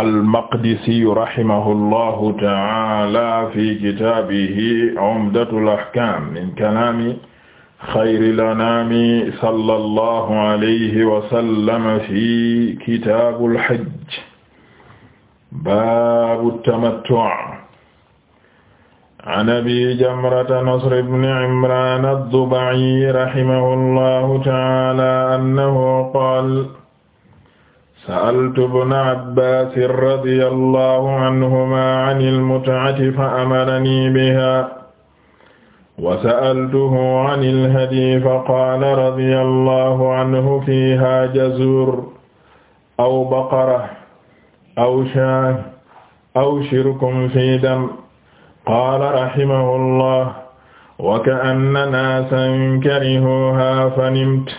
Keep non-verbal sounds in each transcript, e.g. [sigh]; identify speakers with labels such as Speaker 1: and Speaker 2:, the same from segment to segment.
Speaker 1: al-Maqdissî rahimahullahu ta'ala fi kitaabihi Umdatul Ahkaam min kalaami xayril anaami sallallahu alayhi wa sallam fi kitaabul hajj baabu tamattu' an abi jamrata nasr ibn imraan ad-duba'i rahimahullahu ta'ala annahu qaala sa'altu ibna abbaasin radiyallahu anhumaa ani al-mut'ati fa amaranii bihaa wa sa'altuhu ani al-hadyi fa qaala radiyallahu anhu fiihaa jazuur aw baqara aw shaah aw shirkun fii dam qaala rahimahu llah wa ka'anna naasan karihuuhaa fanimt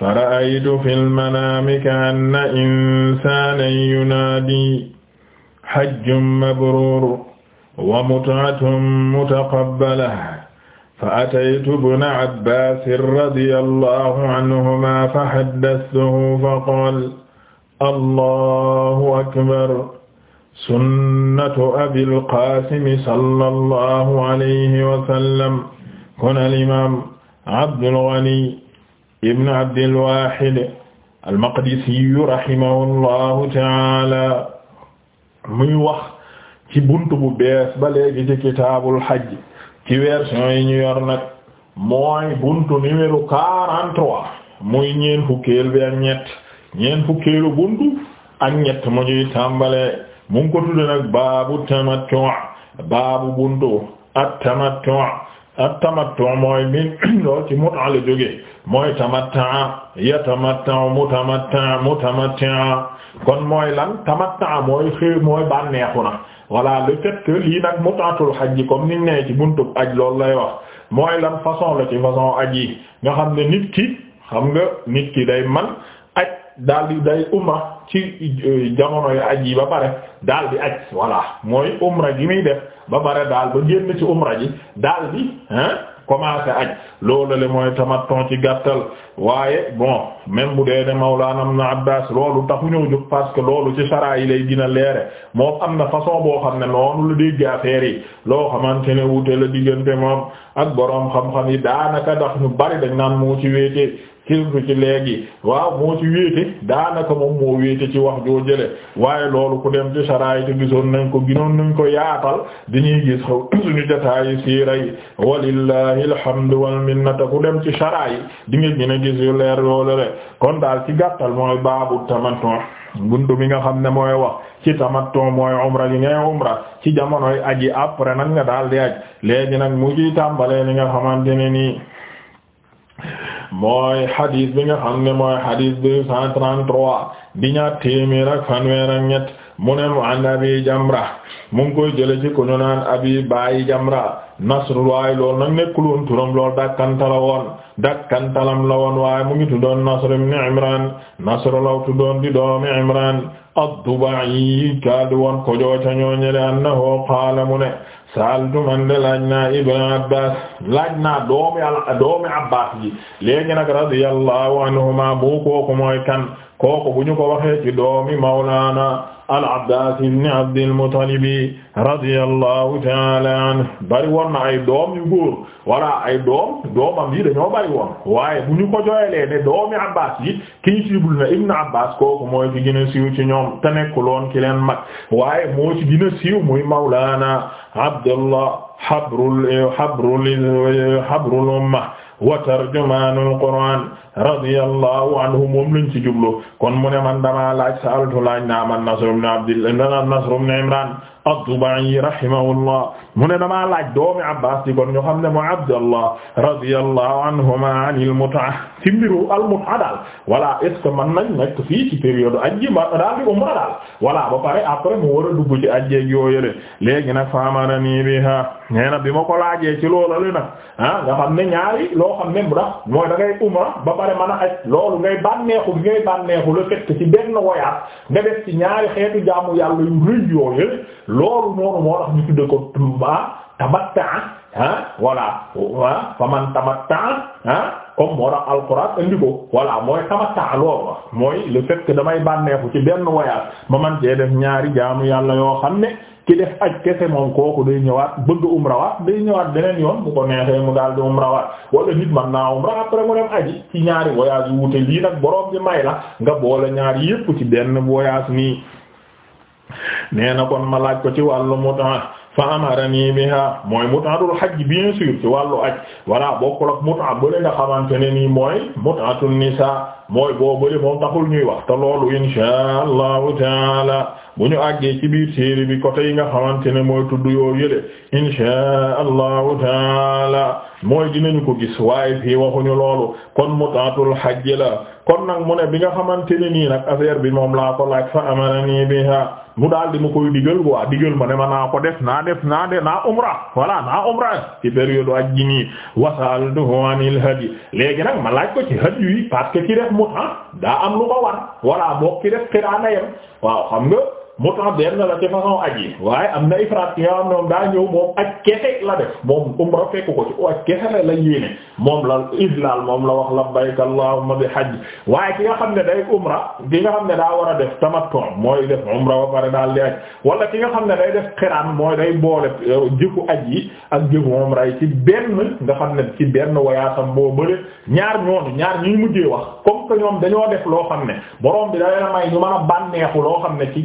Speaker 1: فرأيت في المنام كأن إنسانا ينادي حج مبرور ومتعة متقبلة فأتيت ابن عباس رضي الله عنهما فحدثته فقال الله أكبر سنة أبي القاسم صلى الله عليه وسلم kon الإمام عبد الغني ibn Abdil Wahid al ta'ala muy wax ci buntu bu bees ba léegi ci kitaabul hajj ci version yi ñu yor nag mooy buntu numéro 43 muy ñeen fukkeel bi ak ñett ñeen fukkeelu buntu ak ñett mu ñuy ko tudde nag baabu tamattu' baabu buntu at-tamattu' at-tamattu mooy min [clears throat] lool ci mut'a la jóge mooy tamatta'a yatamatta'u mutamatta'a mutamatti'a kon mooy lan tamatta'a mooy xëy mooy bànneexu na voilà le fait que lii nag mut'atul hajj comme niñ nee ci buntub aj loolu lay wax mooy lan façon la ci façon aj yi nga xam ne nit ki xam nga nit ki day man aj daal di day umra ci euh, jamono yu aj yi ba pare daal di aj voilà mooy umra gi muy def ba pare daal ba génn ci umra ji daal di hein commencé aj loolu le mooy ton ci gàttal waaye bon même bu dee ne Mawlana Ibn Abbas loolu taxu ñëw jóg parce que loolu ci saraa yi lay gën a leere moom am na façon boo xam ne noonu la dégg affaire yi loo xamante ne wute la diggante moom ak boroom xam-xam yi daanaka ndax ñu bari dañ naan moo ci wéete xiltu ci léegi waaw moo ci wéete daanaka moom moo wéete ci wax joo jële waaye loolu ku dem ci saraay te gisoon nañ ko ginoon nañ ko yaatal dañuy gis [coughs] suñu jotaayu siira yi walillahi alhamdu wal minnata ku dem ci saraay di nga gën a gis yu leer loolu rek kon daal ci gàttal mooy baabu tamattu buntu bi nga xam ne mooy wax ci tamattu mooy umra li ngay umra ci jamonoy aji après nag nga daal di aj léegi nag mu ciy tàmbalee li nga xamante ne nii mooy xadis bi nga xam ne mooy xadis deux cent trente-trois bi ñaar téeméer ak fanweer ak ñett mu ne mu an abi jamra mu ngi koy jële ci ku ñu naan abi baayi jamra nasru waaye loolu nag nekkul woon dakkantalam la woon mu ngi tuddoon nasr ibn imran nasru law tuddoon di doomi imran ad-dubai kaadi woon ko jooca ñooñele annahu qaala mu ne saaltu man de laaj naa ibn abbas laaj naa doomi al doomi abbas ji léegi nag radiyallahu anhuma bu kooku mooy kan kooku bu ñu ko waxee ci doomi mawlaana al-Abbaas ibn Abdil Muttalib radiyallahu ta'ala anhu bari woon na ay doom yu góor ay doom doomam yi dañoo bari woon waaye bu ñu ko jooyalee ne doomi Abbaas yi kii siibul Ibn Abbaas kooku mooy ci gën a ci ñoom te nekkul woon ki leen mag waaye moo ci gën a siiw muy Mawlaana Abdullah habrul habrul habrul umma wa tarjumaanul qur'aan radiyallahu anhu moom lañ ci jublu kon mu ne man damaa laaj saaltu laaj naa man Nasr ibn Abdillah Nasr ibn Imraan ad-Duba'i rahimahullah mu ne damaa laaj doomi Abbaas di kon ñu xam ne mu Abdallah radiyallahu anhuma anil mut'a ci mbiru daal voilà est man nañ nekk fii ci période aji ma daal umra daal voilà ba pare après mu war a dugg ci ajjeeg yooyale léegi nag faamarani biha nee na bi ma ko laajee ci loolu la nag ah nga xam ne ñaari loo xam ne mu dax mooy da ngay umra ba pare mën loolu ngay bànneexu bi ngay bànneexu la fekk ci benn woyaat nga def ci ñaari xeetu jaamu ah tamatta'a ah voilà ah faman tamatta'a ah comme moo tax alxuraan andi ko voilà mooy tamatta'a loolu la mooy le fait damay bànneexu ci benn voyage ma man cee def ñaari jaamu yàlla yoo xam ne ki def aj kese moom kooku day ñëwaat bëgg umrawaat day ñëwaat beneen yoon bu ko neexee mu daal di umrawaat wala nit man naa umra après mu dem aji ci ñaari voyage yu wuute lii nag borom bi may la nga boole ñaari yépp ci benn voyage nii nee kon ma laaj ko ci wàllu fa amarani biha mooy mut'atul hajj bien sûr ci wàllu aj voilà bokkul ak mut'a bële nga xamante ne nii mooy mut'atun nisa mooy boo bële moom taxul ñuy wax te loolu insha allahu taala bu ñu àggee ci biir série bi côté yi nga xamante ne mooy tudd yoo yële insha allahu taala mooy dinañu ko gis waaye fii waxuñu loolu kon mutaatul hajj la kon nag mu ne bi nga xamante ne nii nag affaire bi moom laa ko laaj fa amarani biha mu daal di mu koy digal quoi digal ma ne ma naa ko def naa def naa de naa umra voilà naa umra ci période aj ji nii wasaltuhu anil hadi léegi nag ma laaj ko ci hadi yi parce que ci def muta daa am lu ko war voilà bokk ci def xiraana yam waaw xam nga Mut'ab benn la ci façon aj yi waaye am na ifraat ki nga xam ne moom daa ñëw moom aj kese la def moom umra fekk ko ci aj kese la la yéene moom la ihlaal moom la wax labbayka allahumma bi hajj waaye ki nga xam ne day umra ki nga xam ne daa war a def tamattu mooy def umra ba pare daal di aj wala ki nga xam ne day def xiraan moo day boole euh, jëfu aj yi ak jëfu umra yi ci benn nga xam ne ci benn wayaasam boo bële ñaar ñoonu ñaar ñuy mujjee wax comme que loo xam ne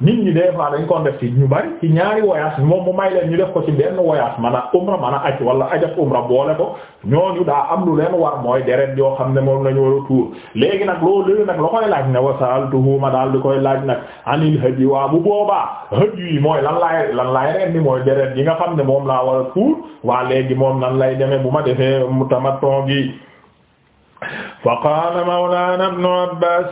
Speaker 1: nit ñi des fois dañ ko def ci ñu bari ci ñaari voyage moom mu may leen ñu def ko ci benn voyage man a umra man a aj wala ajak umra boole ko ñooñu daa am lu leen war mooy deret yoo xam ne moom la ñu war a tuur léegi nag loolu léegi nag la koy laaj ne wasaaltuhu ma daal di koy laaj nag anil hëj yi waa bu boobaa hëj yi mooy lan laay lan laay ren ni mooy deret yi nga xam ne moom laa war a tuur waa léegi moom nan lay demee bu ma defee mutamatton gi fa qaala mawlaana ibnu abbaas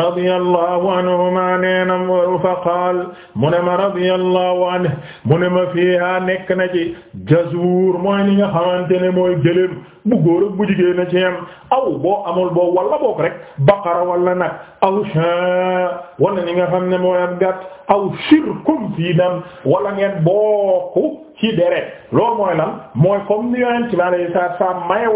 Speaker 1: radiyallahu anhumaa nee na fa qaal mu ne ma radiyallahu anhu mu ne ma fiihaa nekk na ci jazuur mooy li nga xamante ne mooy gëléem bu góor ak bu jigéen na ci yam aw boo amul boo walla boog rek baqara walla nag aw shaa walla li nga xam ne mooy ab gàtt aw shirkum fii dam walla ngeen bokku ci deret loolu mooy lan mooy comme ni yonent bi alayhi salaam maye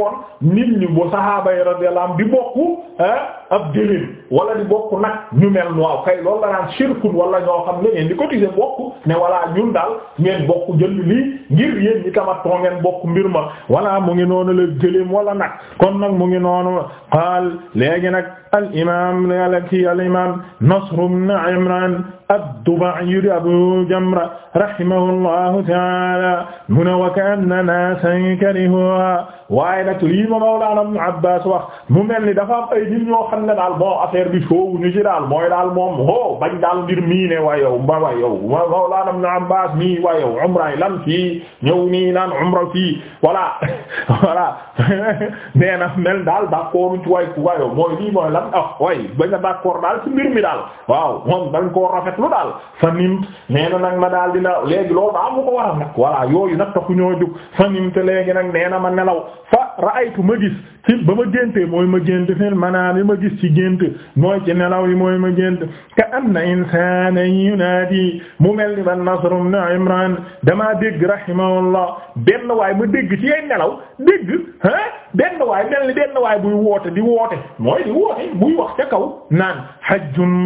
Speaker 1: nit ñi bu sahaaba yi radiyallahu am di bokku ah, ab jëlin wala di bokk nag ñu mel waaw kay loolu la naan shirkun wala ñoo xam ne ngeen di cotiser bokk ne wala ñun daal ngeen bokk jël lii ngir yéen ñi tamatoo ngeen bokk mbir ma wala mu ngi noonu la jëlim wala nag kon nag mu ngi noonu qaal léegi nag al imam lala ci al imam Nasr ibn Imran ad-Duba'i Abu Jamra rahimahullahu ta'ala mu ne wa kana naasan karihuha waaye nag lii ma Mawlana Ibn Abbas wax mu mel ni dafa am ay nit ñoo xam ne daal bon affaire bi foofu ñu ci daal mooy daal moom ho bañ daal mbir mii ne waaye yow ba waaye yow Mawlana Ibn Abbas mii waaye yow umra lan fii ñëw nii naan umra fii voilà [laughs] voilà [laughs] nee na mel daal d'accord ci waay ku waaye yow mooy lii mooy lan ah waay bañ a d'accord daal ci mbir mi daal waaw moom dañ ko rafet seetlu daal fa nimt nee na ma daal dina léegi loolu daa mu ko waral nag voilà yooyu nag taxu ñoo fa nimt léegi nag nee na ma nelaw fa ra'aytu ma gis ci ba ma géntee mooy ma gént fil manaam ma gis ci gént mooy ci nelaw yi mooy ma gént ka am na insana yunaadi mu mel ni man Nasr ibn Imran damaa dégg rahimahullah benn waay ma dégg ci yay nelaw dégg ah benn waay mel ni benn waay buy woote di woote mooy di woote buy wax ca kaw naan hajjun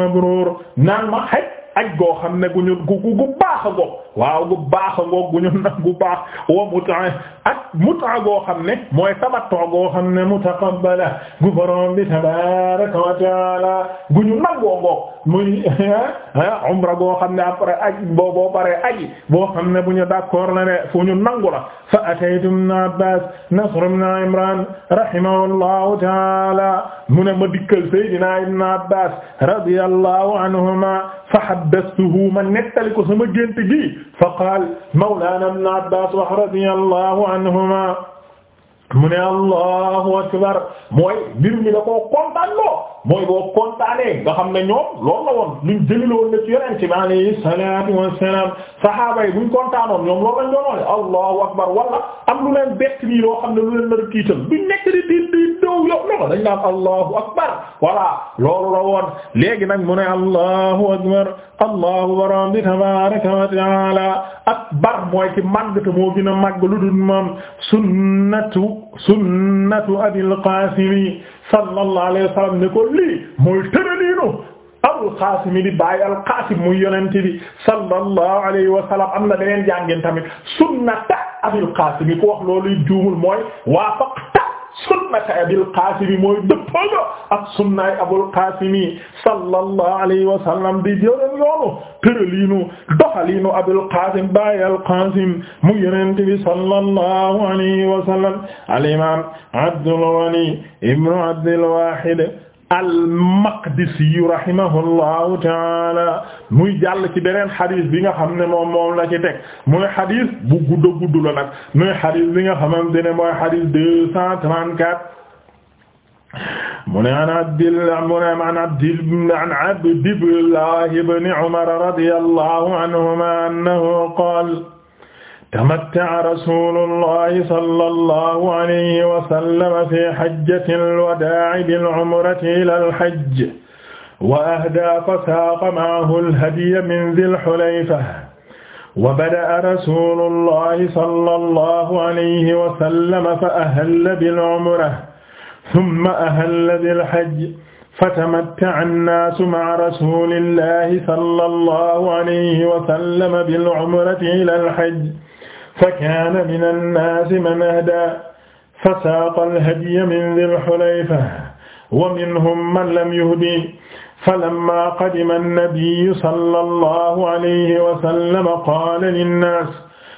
Speaker 1: aj goo xam ne gu ñu gu gu baax a goog waaw gu baax a ngoog gu ñu nag gu baax wa mutaa ak mutaa goo xam ne mooy tamattu goo xam ne mutaqabbala gu borom bi tabaaraka wa taala gu ñu nag goo ngoog muy umra goo xam ne après aji boo boo paree aji boo xam ne bu ñu d'accord la ne fu ñu nangu la fa ataytu ibn Abbaas Nasr ibn Imraan rahimahullahu taala mu ne ma dikkal Seydina ibn Abbaas radiyallahu anhuma fa haddathtuhu ma nettali ko sama gént gi faqaal mawlaana ibn Abbaas wax radiyallahu anhuma mu ne allahu akbar mooy mbir mi da koo kontaan loo mooy boo kontaanee nga xam ne ñoom loolu la woon luñ jëlila woon ne ci yonente bi alayhi salatu wassalam sahaaba yi buñ kontaanoon ñoom loolu lañ doon wax allahu akbar wala am lu leen bett nii loo xam ne lu leen nar a tiital duñ nekk di di di dow yow noko dañ naan allahu akbar voilà loolu la woon léegi nag mu ne allahu akbar allahu waram bi tabaraka wa taala akbar mooy ci màgg te moo gën a màgg lu dul moom sunnatu sunnatu abil qaasimi sallallahu alayhi wa sallam ne ko lii mooy tëraliinu abul qaasim di bàyyi al qaasim muy yonente bi sallallahu alayhi wa sallam am na beneen jàngeen tamit sunnata abil qaasimi ku wax loolu juumul mooy waafaq sunnata abil qaasimi mooy dëppoo nga ak sunnaay abul qaasimi sallallahu alayhi wa sallam di jëloon yoonu tërëliinu doxaliinu abul qaasim baay al qaasim mu yonent bi sallallahu alayhi wa sallam al imaam Abdul Ghani ibnu Abdul Waahid al-Maqdisi rahimahullahu taala muy jàll ci beneen xadis bi nga xam ne moom moom la ci teg muy xadis bu gudd gudd la nag muy xadis bi nga xamante ne mooy xadis deux cent trente-quatre mu ne an Abdillah mu ne an Abdillah an Abdillah ibn Umar radiyallahu anhuma annahu qaala tamatta'a rasuulullahi sallallahu alayhi wa sallam fi hajjatil wadaa'i bil umrati ilal hajj wa ahdaa fasaaqa ma'ahul hadya min dhil hulayfa wa bada'a rasuulullahi sallallahu alayhi wa sallam fa ahalla bil umrati thumma ahalla dhil hajji fatamatta'a an-naasu ma'a rasuulillahi sallallahu alayhi wa sallam bil umrati ilal hajj fa kaana min annaasi man ahdaa fa saaqa alhadya min dhil hulayfa wa minhum man lam yuhdi falammaa qadima annabiyyu sallallahu alayhi wa sallam qaala linnaas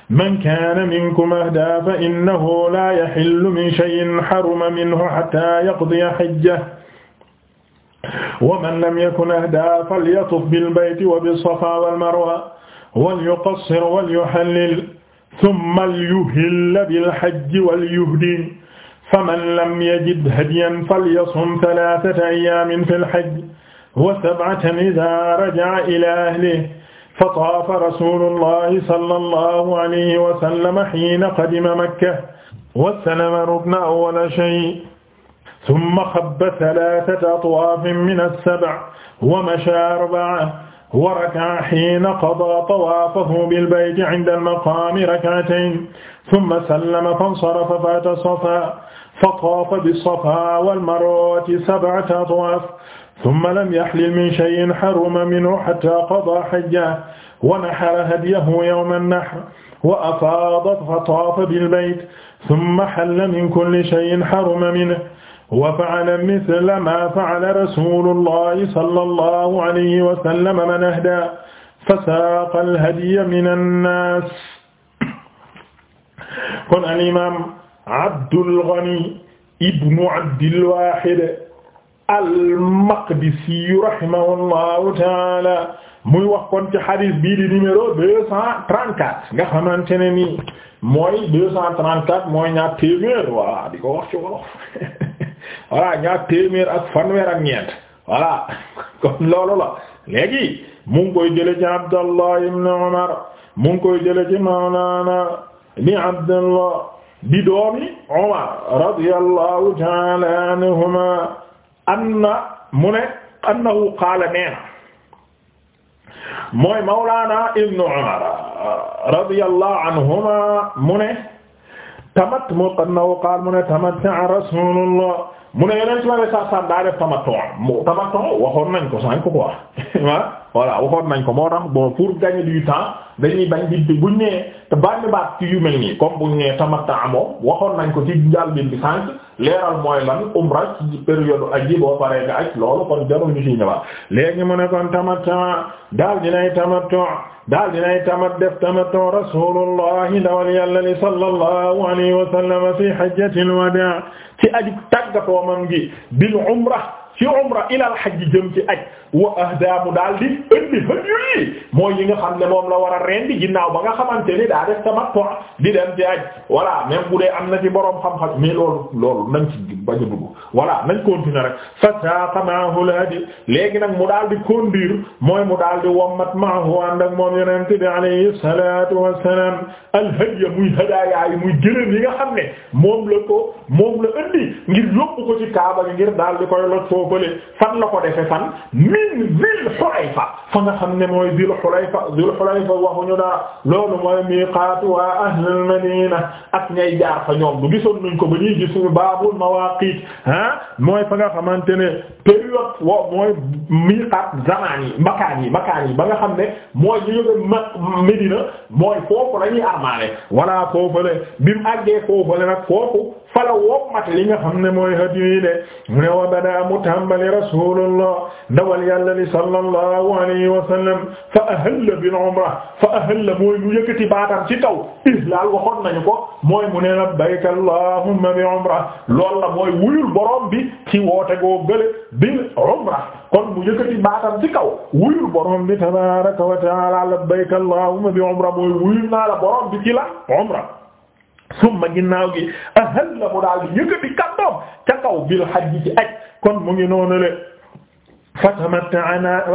Speaker 1: man kaana minkum ahdaa fa innahu laa yahillu min shay'in haruma minhu hattaa yaqdiya hajjahu wa man lam yakun ahdaa falyatuf bil bayti wa bis safaa wal marwa walyuqassir walyuhallil summa lyuhilla bilhajji walyuhdii faman lam yajid hadiyan falyasum talaatata ayyaamin fil hajji wa sab'atan izaa raja'a ilaa ahlihi fataafa rasuulullaahi sallallaahu alayhi wa sallam hiina qadima makka wassalama rukna awwala shay' summa xabba talaatata atwaafin mina as-sab'i wa mashaa arba'a wa raka'a hiina qadaa tawaafahu bil bayti 'inda al maqaami rak'atayn thumma sallama fansarafa fa ata safaa fa taafa bis safaa wal marwati sab'ata atwaaf thumma lam yahlil min shay'in haruma minhu hattaa qadaa hajjahu wa nahara hadyahu yawma an-nahr wa afaada fa taafa bil bayti thumma halla min kulli shay'in haruma minhu wa fa'ala mithla ma fa'ala rasulullahi sallallahu alayhi wa sallam man ahdaa fasaaqa al-hadya mina nnaas kon al-imaam Abdul Ghani ibnu Abdil Waahid al-Maqdisi rahimahullahu ta'aala muy wax kon ci hadith bii di numéro deux cent trente-quatre nga xamante ne ni mooy deux cent trente-quatre mooy ñaar téeméer voilà di ko wax ci wolof [laughs] voilà ñaar téeméer ak fanweer ak ñeent voilà [laughs] kon loolu la léegi mu ngi koy jële ci Abdallah ibn Umar mu ngi koy jële Mawlana ni Abdallah di doomi Umar radiyallahu ta'ala anhuma anna mu ne annahu qaala neena mooy Mawlana ibn Umar radiyallahu anhuma mu tamat moo qad naw qaal mu ne tamatta rasulullah mu ne yeneen ci ma ne sax sax daa def tamattu mu tamattu waxoon nañ ko sànq quoi ah [laughs] voilà waxoon nañ ko moo tax bon pour gagner du temps dañuy bañ di buñ nee te tamatta moom waxoon nañ ko ci njaal bin bi sànq leeral mooy lan umra ci période aj yi boo paree nga kon jarul ñu ci ñëwaat léegi mu tamatta daal dinay tamattu daal dinay tamat def tamattu rasulullahi dawal yàlla li sallallahu alayhi wa sallam fi hajjatil wadaa ci ilal hajj jëm ci aj wa ahdaa mu daal di indi hadiyu yi mooy yi nga xam ne moom la war a rendi ginnaaw ba nga xamante ni daa def tamattu di dem ci aj voilà même bu dee am na ci boroom xam-xam mais loolu loolu nañ ci bañ a dugg voilà nañ continuer rek fa saaqa maahu lhadi léegi nag mu daal di conduire mooy mu daal di wommat maahu ànd ak moom yonent bi alayhi salatu wassalam alhadiya muy hadaaya yi muy gëréen yi nga xam ne moom la ko moom la indi ngir yóbbu ko ci daal di koy lot ko min Zil Xulayfa fa nga xam ne mooy Zil Xulayfa Zil Xulayfa waxuñu dara loolu mooy miiqaatu waa ahlul Madina ak ñay jaar fa ñoom bu gisoon nuñ ko ba ñuy gis baabul mawaaqiit ah mooy fa nga xamante ne période wo mooy miiqaat zamaan yi makaan yi makaan yi ba nga xam ne mooy ñu jóge ma Medina mooy foofu la ñuy armaale walla foofale bi mu àggee foofale nag foofu. fala wommat li nga xam ne mooy hadiyu yi de mu ne wa bada mu tàmbali rasulullah ndawal yàlla li sallallahu alayhi wa sallam fa ahalla bil umra fa ahalla mooy mu yëkkati baatam ci taw ihlaal waxoon nañu ko mooy mu ne labbayka allahumma bi umra lool la mooy wuyul borom bi ci woote goo gële bil umra kon mu yëkkati baatam ci kaw wuyul borom bi tabaraka wa taala labbayka allahumma bi umra mooy wuyul naa la borom bi ci la umra summa ginnaaw gi ahal la mu daal di yëkkati kàddoom ca kaw bil hajji ci aj kon mu ngi noonu le fatamatta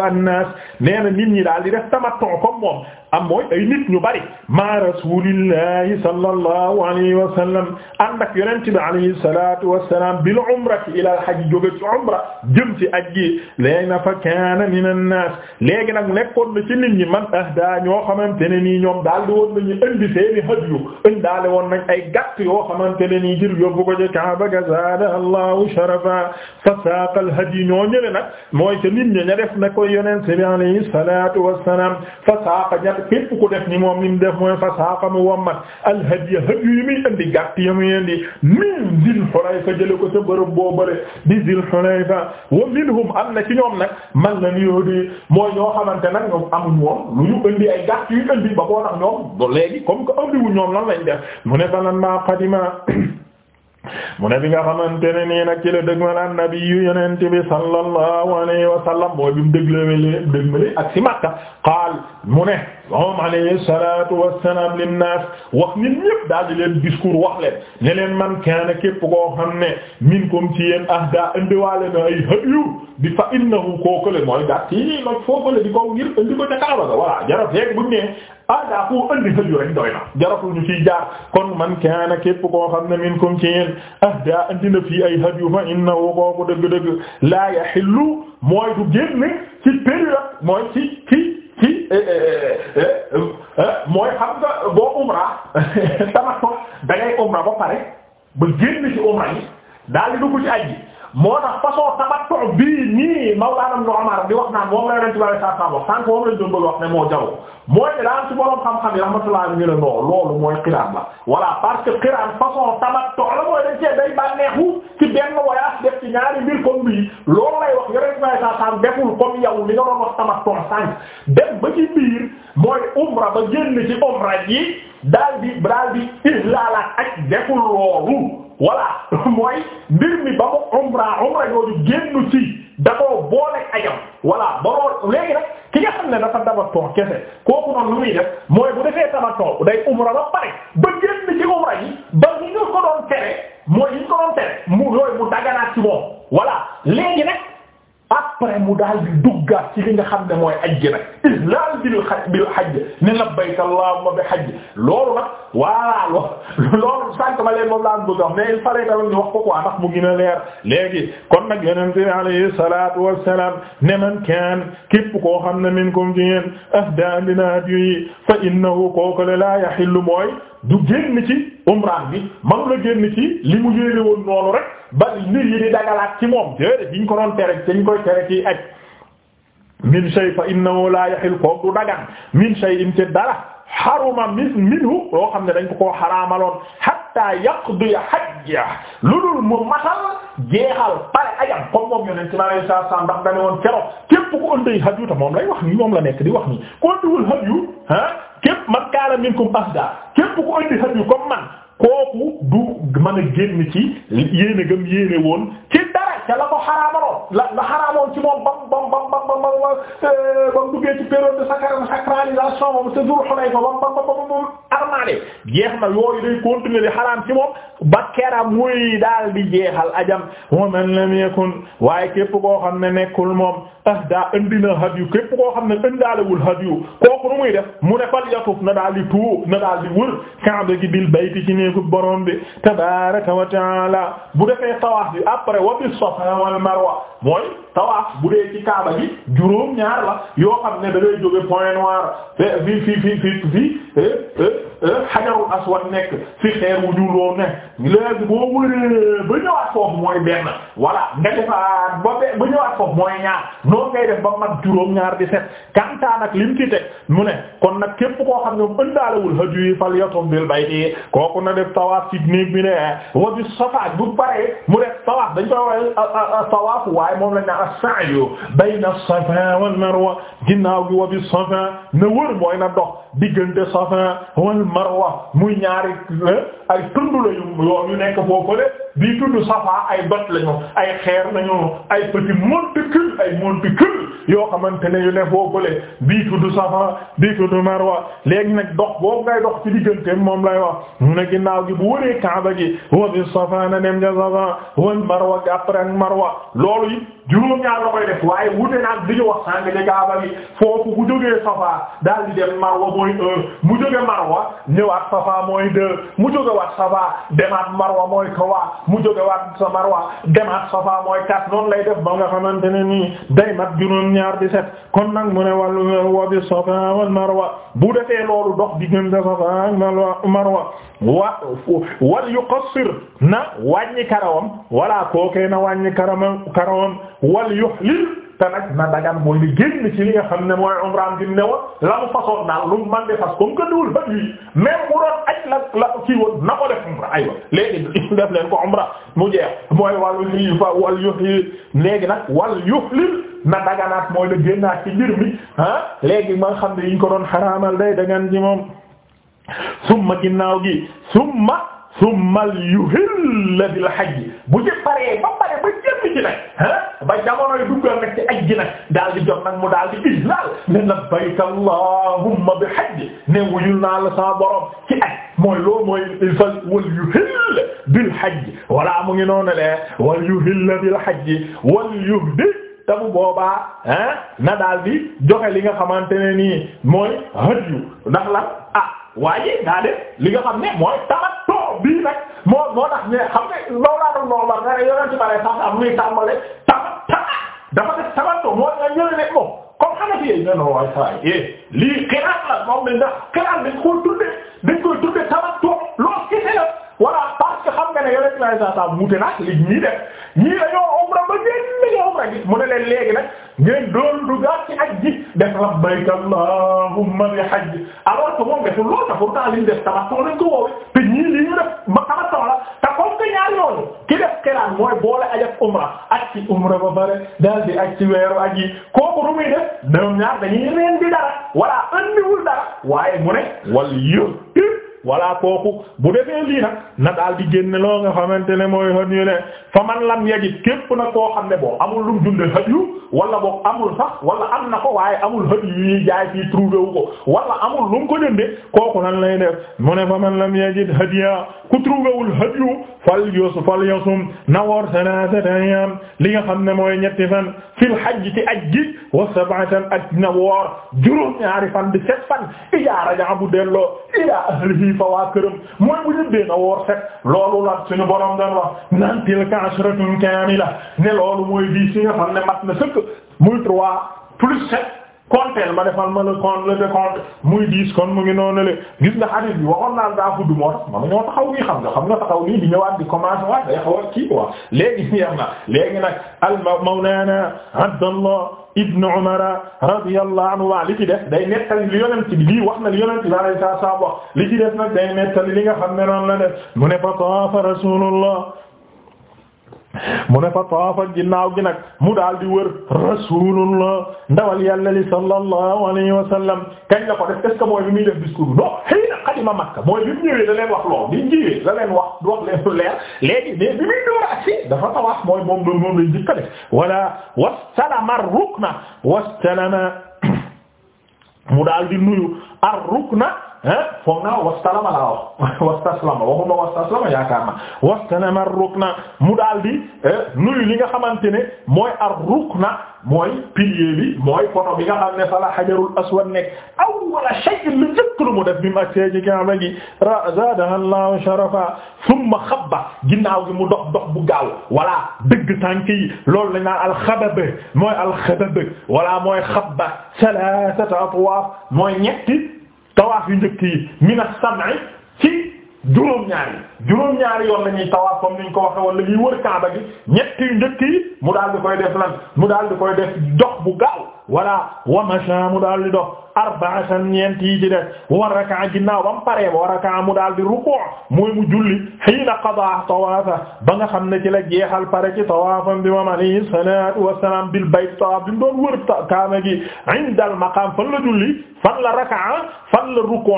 Speaker 1: annas nee na nit ñi daal di def tamattu comme moom am mooy ay nit ñu bari ma rasulillahi sallallahu alayhi wa sallam ànd ak yonent bi alayhi salatu wassalam bil umrati ila al hajj jóge ci umra jëm ci aj gi léegi na fa kaana min an nas léegi nag nekkoon na ci nit ñi man ahda ñoo xamante ne nii ñoom daal di woon nañu indi seeni hadiyu indaale woon nañ ay gàtt yoo xamante ne nii jër yóbbu ko ci Kaaba ga zaada allahu sharafa fa saaqa al hadiy ñoo ñële nag mooy ca nit ñi ña def na koy yonent bi alayhi salatu wassalam fa saaqa képp ku def ni moom ni mu def mooy fasaaqa mu wammat alhadiya hadiyu yi muy indi gàtt yi muy indi min Zil Hulayfa jële ko sa bërëb boobale di Zil Hulayfa wa minhum am na ci ñoom nag man la yóodee mooy ñoo xamante nag ñoom amuñ woon lu ñu indi ay gàtt yu indi ba boo tax ñoom léegi comme que indiwu ñoom lan lañ def mu ne fa lan ma qadima mu ne bi nga xamante ne nii nag ci la dëgmal annabiyu yonent bi sallallahu alayhi wa sallam mooy bi mu dégluwee dégmale ak mu ne moom alayhi salaatu wassalaam linnaas wax nit ñépp daal di leen discours wax leen ne leen man kaana képp koo xam ne minkum ci yéen ahda indiwaale na ay hadiyu fa innahu kookale mooy di ko ngir indi ko jaraf yeeg buñ ne ahda ko indi hadiyu rek doy na jaraful ñu jaar kon man kaana képp koo xam ne minkum ci yéen ahda na fii ay hadiyu fa innahu kooku dëgg-dëgg laa yaxillu mooy du génn ci période mooy ci kii ci eh, eh, eh, mooy xam nga boo umra tamattu [laughs] da ngay umra ba pare ba génn ci umra yi daal di dugg ci aj moo tax façon tamattu bii nii Mawlana Ibn Umar di wax naan moom la yonent bi sallallahu alayhi wasallam wax sànq moom lañ doon bëgg wax ne moo jaru mooy ne daan ci borom xam-xam yi rahmatullah ñu ne non loolu mooy xiraan la voilà parce que xiraan façon tamattu la mooy dañ cee day bànneexu ci benn voyage def ci ñaari mbir comme bii loolu lay wax yonent bi sallallahu alayhi wasallam deful comme yow li nga doon wax tamattu sànq dem ba ci biir mooy umra ba génn ci umra yi daal di daal di ihlaalaat ak deful loolu voilà [laughs] mooy mbir mi ba mu umra umra yooyu génn ci da koo boole ajam voilà baroo léegi nag ki nga xam ne dafa tamatoo kese kooku noonu lu muy def mooy bu defee tamatoo day umra ba pare ba génn ci umra yi ba ñu ko doon mooy ñu ko doon mu yooyu mu daganaat ci moom voilà léegi nag après mu daal di duggaat ci li nga xam ne mooy ajj nag ihlal bil xaj bil xaj ne labbayka allahumma bi xaj loolu nag voilà loolu sànq ma leen moom laa bëgg wax mais il fallait tamit ñu wax ko quoi ndax mu gën a leer léegi kon nag yonent bi alayhi salaatu wassalaam ne man kaan képp koo xam ne minkum ci yéen ahda bi naat yi fa innahu kooku la yahillu mooy du génn ci umraan bi man la génn ci li mu yéene woon noonu rek ba nit yi di dagalaat ci moom déedéet diñ ko doon tere dañ koy tere ci aj min shay fa innahu la yahil koog du dagan min shay in ci dara xaruma min minhu loo xam ne dañ ko koo xaraamaloon hatta ya hajja lulul mu matal jeexal pare ajam comme moom yoneen ci ma lay sa sa ndax dane woon keroog képp ku ënday hajju ta moom lay wax nii moom la nekk di wax nii ko ëndiwul hajju ah képp man kaana minkum ahda képp ku indi hadiyu comme man kooku du mën a génn ci yéene gëm yéene woon ci dara ca la ko xaraamaloon la la xaraamoon ci moom bam bam bam bam bam bam euh, duggee ci période de sacralisation moom sa Dul Xulayfa bam bam bam bam armaale jeex na yooyu day continuer di xaraam ci moom ba keram muy daal di jeexal ajam wa man lam yakun waaye képp koo xam ne nekkul moom ah daa indi na hadiyu képp koo xam ne indaalewul hadiyu kooku nu muy def mu ne fal yatuf na daal di tuu na daal di wër Kaaba gi bil bayti ci néegu borom bi tabaraka wa taala bu defee tawaaf bi après wa bis safa wal marwa mooy tawaaf bu dee ci kaaba gi juróom ñaar la yoo xam ne da lay jóge point noir fi fi fi fi fi xajarul eh, eh, eh, aswad nekk fi xeer wu juuloo ne léegi boo wëree ba ñëwaat foofu mooy benn voilà nga defaat ba ba ñëwaat foofu mooy ñaar noonu ngay def ba mat juróom ñaar di set kantaan ak lim ci teg mu ne kon nag képp koo xam ne mu ëndaalewul haju yi fal yatum def tawaaf ci néeg bi ne wa bi safa bu paree mu def tawaaf dañ koy wax tawaaf waaye moom lañ naan as-sa'yu bayna as-safa wal marwa ginnaaw wa bi safa na wër mooy na dox diggante safa wal marwa muy ñaari eh, ay tund la yu yoo yu nekk bii tudd Safa ay la lañu ay xeer lañu ay petit monticule ay monticule yoo xamante ne yu ne boo bële bii tudd Safa bii tudd Marwa léegi nag dox boobu ngay dox ci diggante moom lay wax mu ne ginnaaw gi bu wëree Kaaba gi wa bi Safa na dem ja Safa wa Marwa gi Marwa loolu it juróom-ñaar la koy def waaye wute bi ñu wax sànq ci Kaaba gi foofu bu jógee Safa daal dem Marwa mooy mu jóge Marwa ñëwaat Safa mooy deux mu jóge waat Safa demaat Marwa mu jógewaat sa Marwa demaat Safa mooy kat noonu lay def ba nga xamante ne nii day mat juróom-ñaar di set kon nag mu ne wal wa bi Safa wal Marwa bu defee loolu dox diggante Safa ak Marwa wa wal yuqassir na wàññi karawam wala kookee na wàññi karawam karawam wal yuhlil te nag na dagan mooy ni génn ci li nga xam ne mooy umraam bi ne woon la mu façon daal lu man de fas comme que duwul ba yi même bu doon aj la la kii woon na ko def umra aywa léegi [laughs] def leen ko umra mu jeex mooy wàllu lii fa wal yuhli léegi nag wal yuhlil na daganaat mooy la génnaat ci mbir mi ah léegi ma xam ne yi ko doon xaraamal day dagan ci moom summa ginnaaw gi summa summa yuhilla bil hajj bu ci paree ba pare ba jëmmi ci nag ah ba jamonoy duggal ci aj daal di jot nag mu daal di ihlal ne labbayka allahumma bi hajj ne wuyul naa la sa ci aj mooy loolu mooy fal wal yuhill bil hajj wala mu ngi noonu le wal yuhilla bil hajj wal yuhdi te bu boobaa na daal di joxe li nga xamante ne ni mooy hadiyu ndax la ah waaye daa def li nga xam ne mooy tamattu bii nag moo moo tax ne xam ne Mawlana nga ne yonent bi alayhi salaam muy nga ñëw ne moom comme xanaa fi yéen ñoo doon waaye saa yi eh lii xiraat la moom lañ def xiraat dañ koy tuddee dañ koy tuddee tamattu loolu kese la. voilà parce que xam nga ne yore climat saa saa muute nag li ñuy def ñii dañoo umra ba ñenn ñoo umra gi mu ne leen léegi nag ngeen doon duggaat ci aj ji def labbayka allahumma bi hajj alors que moom desul lool te pourtant liñ def tabax tool lañ ko woowee te ñii li ñu def ba tabax boole aj ak umra aj ci umra ba pare daal di aj ci weeru aj yi kooku lu muy def ñoom ñaar dañuy di dara walla andiwul dara waaye mu wal yëpp. walla kooku bu defee lii nag na daal di génne loo nga xamante ne mooy xët yu ne fa man lam yajid képp nag koo xam ne boo amul lu mu dundee xët yu amul sax wala am na ko waaye amul xët yu ñuy jaay fii trouvé wu ko wala amul lu ko jëndee kooku lan lay def mu ne fa lam yajid hadiya ku trouvé wul xët fal yus fal yasum na woor li nga xam ne mooy ñetti fan fil hajj ci aj gi wa sab'atan ak na woor juróom ñaari fan di set fan idaa raja'a bu delloo ilaa ahlihi fa waa këram mooy bu ñëbbee na woor set loolu la suñu borom doon wax naan ne loolu mooy bii si na sëkk muy trois plus sept compteel ma defal ma le compte le i muy diis kon mu ngi noonu le gis nga hadith bi waxoon naan daa gudd moo tax man ñoo a nii xam nga xam nga taxaw a di ñëwaat di commencé waat day a kii quoi léegi [laughs] yeex a léegi nag al mawlana Abdallah ibn Umar radiyallahu anhu waa li ci def day nettali li yonent wax na li yonent bi alayhi li ci def nag day nettali li nga xam ne noonu la def mu ne fa taafa rasulullah [laughs] mu ne fa taafa ginnaaw gi nag mu daal di wër rasulullah ndawal yàlla li sallallahu alayhi wa sallam kañ la ko def est ce que mooy bi muy def discours bi non xëy na xadima Makka mooy bi mu ñëwee da leen wax lool bi mu ñëwee da leen wax du wax leen lu leer léegi mais bi muy door ak si dafa tawaaf mooy moom loolu moom lañ jëkka def wala wassalama rukna wassalama [coughs] mu daal di nuyu ar rukna foog naa wastalama laa wax [laughs] wastaslama waxuma wastaslama yaakaar na wastalama rukna mu daal di eh, nuyu li nga xamante ne mooy ar rukna mooy pilier bi mooy poto bi nga xam ne fa la hajarul aswad nekk awwala mu def bi mu agsee ci Kaaba gi zaadaha Allahu sharafa thumma xabba ginnaaw gi mu dox dox bu gaaw wala dëgg tànk yi loolu lañ naan alxadab mooy alxadab wala mooy xabba salasata atwaaf mooy ñetti tawaaf yu njëkk yi mina sab'i ci juróom-ñaari juróom-ñaari yoon la ñuy tawaaf comme niñ ko waxe woon la ñuy wër Kaaba gi ñetti yu njëkk yi mu daal di koy def lan mu daal di koy def dox bu gaaw wala wa masha mu daal di dox arba'atan ñeent yi ci def wa raka'a ginnaaw ba mu paree ba raka'a mu daal di ruku' mooy mu julli hiina qada tawaafa ba nga xam ne ci la jeexal pare ci tawaafam bi moom alayhi salaatu wassalaam bil bayt tawaaf bi mu doon wër kaama gi inda al maqaam fan la julli fan la raka'a fan la ruku'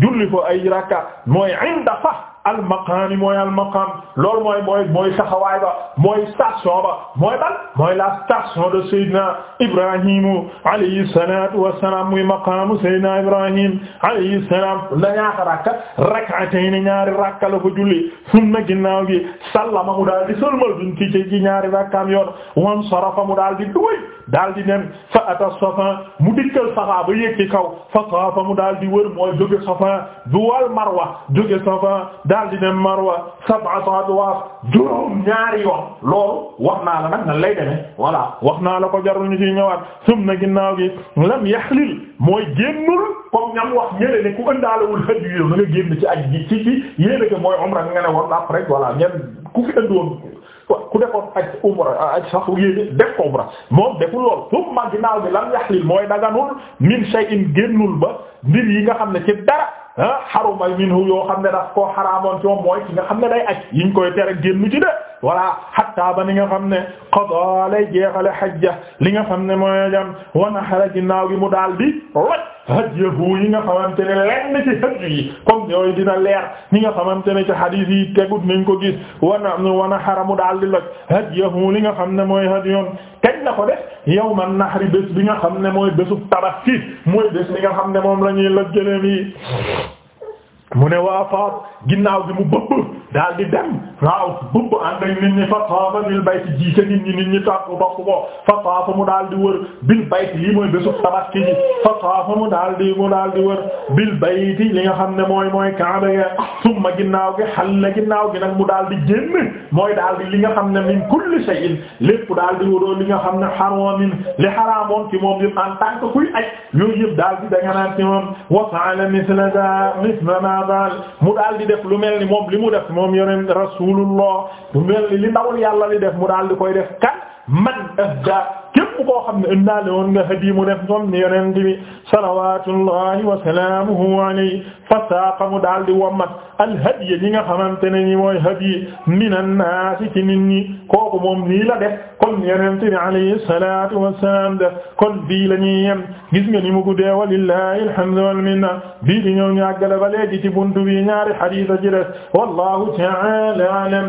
Speaker 1: julli fo ay raka mooy inda fa almaqaami mooy almaqaam loolu mooy mooy mooy taxawaay ba mooy station ba mooy ban mooy la station de Seydina Ibrahim alayhi salaatu wa salaam muy maqaamu Seydina Ibrahim alayhi salaam la ñaata rakka rak'atayn ñaari rakka la ko julli summa ginnaaw gi sallama mu daal di sëlmal duñ ci ci ñaari rakkaam yoon wan sarafa mu daal di duway daal di dem fa ata Safa mu dikkal Safa ba yéeg kaw fa Safa mu daal di wër mooy jóge Safa du wal Marwa daal di ne marwa sab'atu adwaaf juróom ñaari yoon loo wax naa la nag nan lay demee wax naa la ko jaruñu ci ñawaat sum na ginnaaw gi lam yaxlil mooy génnul comme ñam wax ñële ne ku ëndaalewul xëj yi yow na nga génn ci aj gi ci ci yéene ke mooy umra nga ne woon après voilà ñen ku fi ëndoon ku defoon aj umra aj sax yéene def ko umra moom deful lool summa ginaaw bi lam yaxlil mooy daganul min shay'in génnul ba mbir yi nga xam ne ci dara ah xaruma minhu yoo xam ne daf koo xaraamoon ci moom mooy ki nga xam ne day aj yiñ koy tere génnu ci de voilà hatta ba ni nga xam ne qada lay jeexale hajja li nga xam ne mooy jam wana xala ginaaw gi mu daal di roj hajjahu yi nga xamante ne lenn ci hajj yi comme yooyu dina leer ñi nga xamante ne ci hadith yi tegut nañ ko gis wana wana xaramu daal di def hadyahu li nga xam ne mooy hadyoon kañ la ko def yawman nahri bés bi nga xam ne mooy bésu tabaski mooy bés bi nga xam ne moom la ñuy lëkkale mu ne waafaat ginnaaw gi mu bëpp daal di dem waaw bubb ànd ak nit ñi fa taafa bil bayt jiite nit ñi nit ñi tàpp bopp fa taafa mu daal di wër bil bayt lii mooy bésu tabaski ji fa taafa mu daal di di wër bil bayt li nga xam ne mooy mooy kaaba ya summa ginnaaw gi xalla ginnaaw gi nag mu daal di génn mooy daal li nga xam ne min kulli shay'in lépp daal di wëroo li nga xam ne xaraamin li xaraamoon ci moom yëpp en tant que kuy aj yooyu yëpp daal di danga naan ci moom wa fa'ala mithla da mithla ma bal mu daal di def lu mel ni moom li mu def moom yeneen rasulullah mu mel ni li ndawul yàlla li def mu daal di koy def kat man ahda képp koo xam ne indaale woon nga hadi mu def moom ni yonent bi salawatullahi wa salaamuhu alayhi fa saaqa mu daal di wammat alhadiya ñi nga xamante ne ñi mooy hadiyi min annaasi ci nit ñi kooku moom nii la def kon yonent bi alayhi salatu wasalaam def kon bii la ñuy yem gis nga ni mu guddee walillahi alhamdu wal minna bii di ñëw ñu àggale ba léegi ci buntu bi ñaari hadiis ci des wallahu ta'ala a'lam